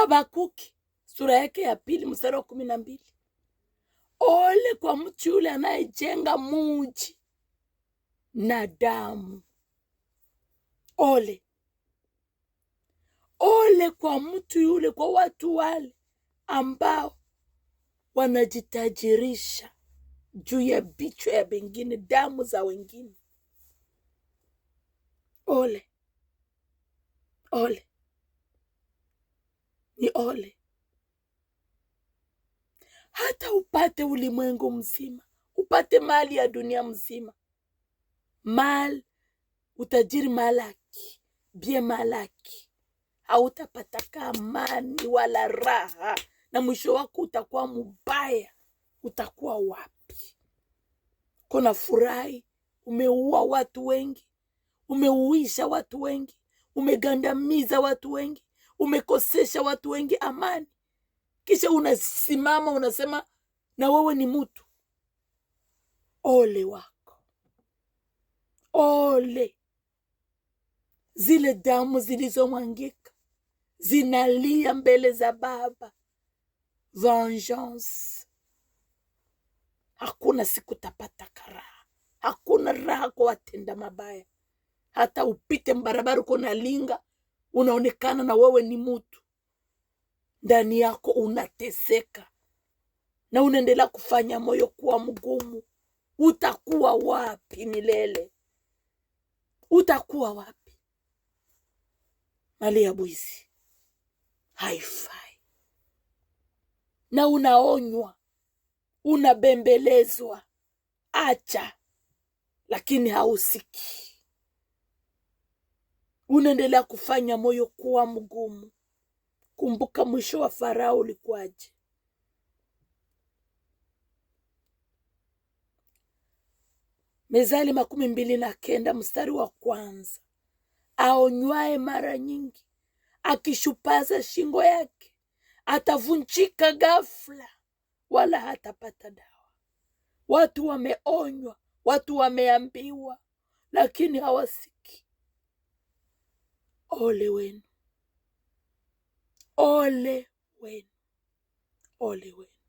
Habakuki sura yake ya pili mstari wa kumi na mbili. Ole kwa mtu yule anayejenga muji na damu. Ole, ole kwa mtu yule, kwa watu wale ambao wanajitajirisha juu ya bichwa ya wengine, damu za wengine. Ole, ole ni ole. Hata upate ulimwengu mzima, upate mali ya dunia mzima, mal utajiri malaki bie malaki, hautapataka amani wala raha, na mwisho wako utakuwa mubaya. Utakuwa wapi? Kona furahi, umeua watu wengi, umeuisha watu wengi, umegandamiza watu wengi umekosesha watu wengi amani, kisha unasimama unasema na wewe ni mtu. Ole wako, ole! Zile damu zilizomwangika zinalia mbele za Baba. Vengeance. Hakuna siku tapata karaha, hakuna raha kwa watenda mabaya, hata upite mbarabara uko nalinga unaonekana na wewe ni mutu, ndani yako unateseka na unaendelea kufanya moyo kuwa mgumu, utakuwa wapi milele? Utakuwa wapi? Mali ya bwizi haifai, na unaonywa, unabembelezwa, acha, lakini hausikii unaendelea kufanya moyo kuwa mgumu. Kumbuka mwisho wa Farao ulikuwaje. Mezali makumi mbili na kenda mstari wa kwanza, aonywae mara nyingi akishupaza shingo yake atavunjika ghafla, wala hatapata dawa. Watu wameonywa, watu wameambiwa, lakini hawasikii. ole wenu, ole wenu, ole wenu.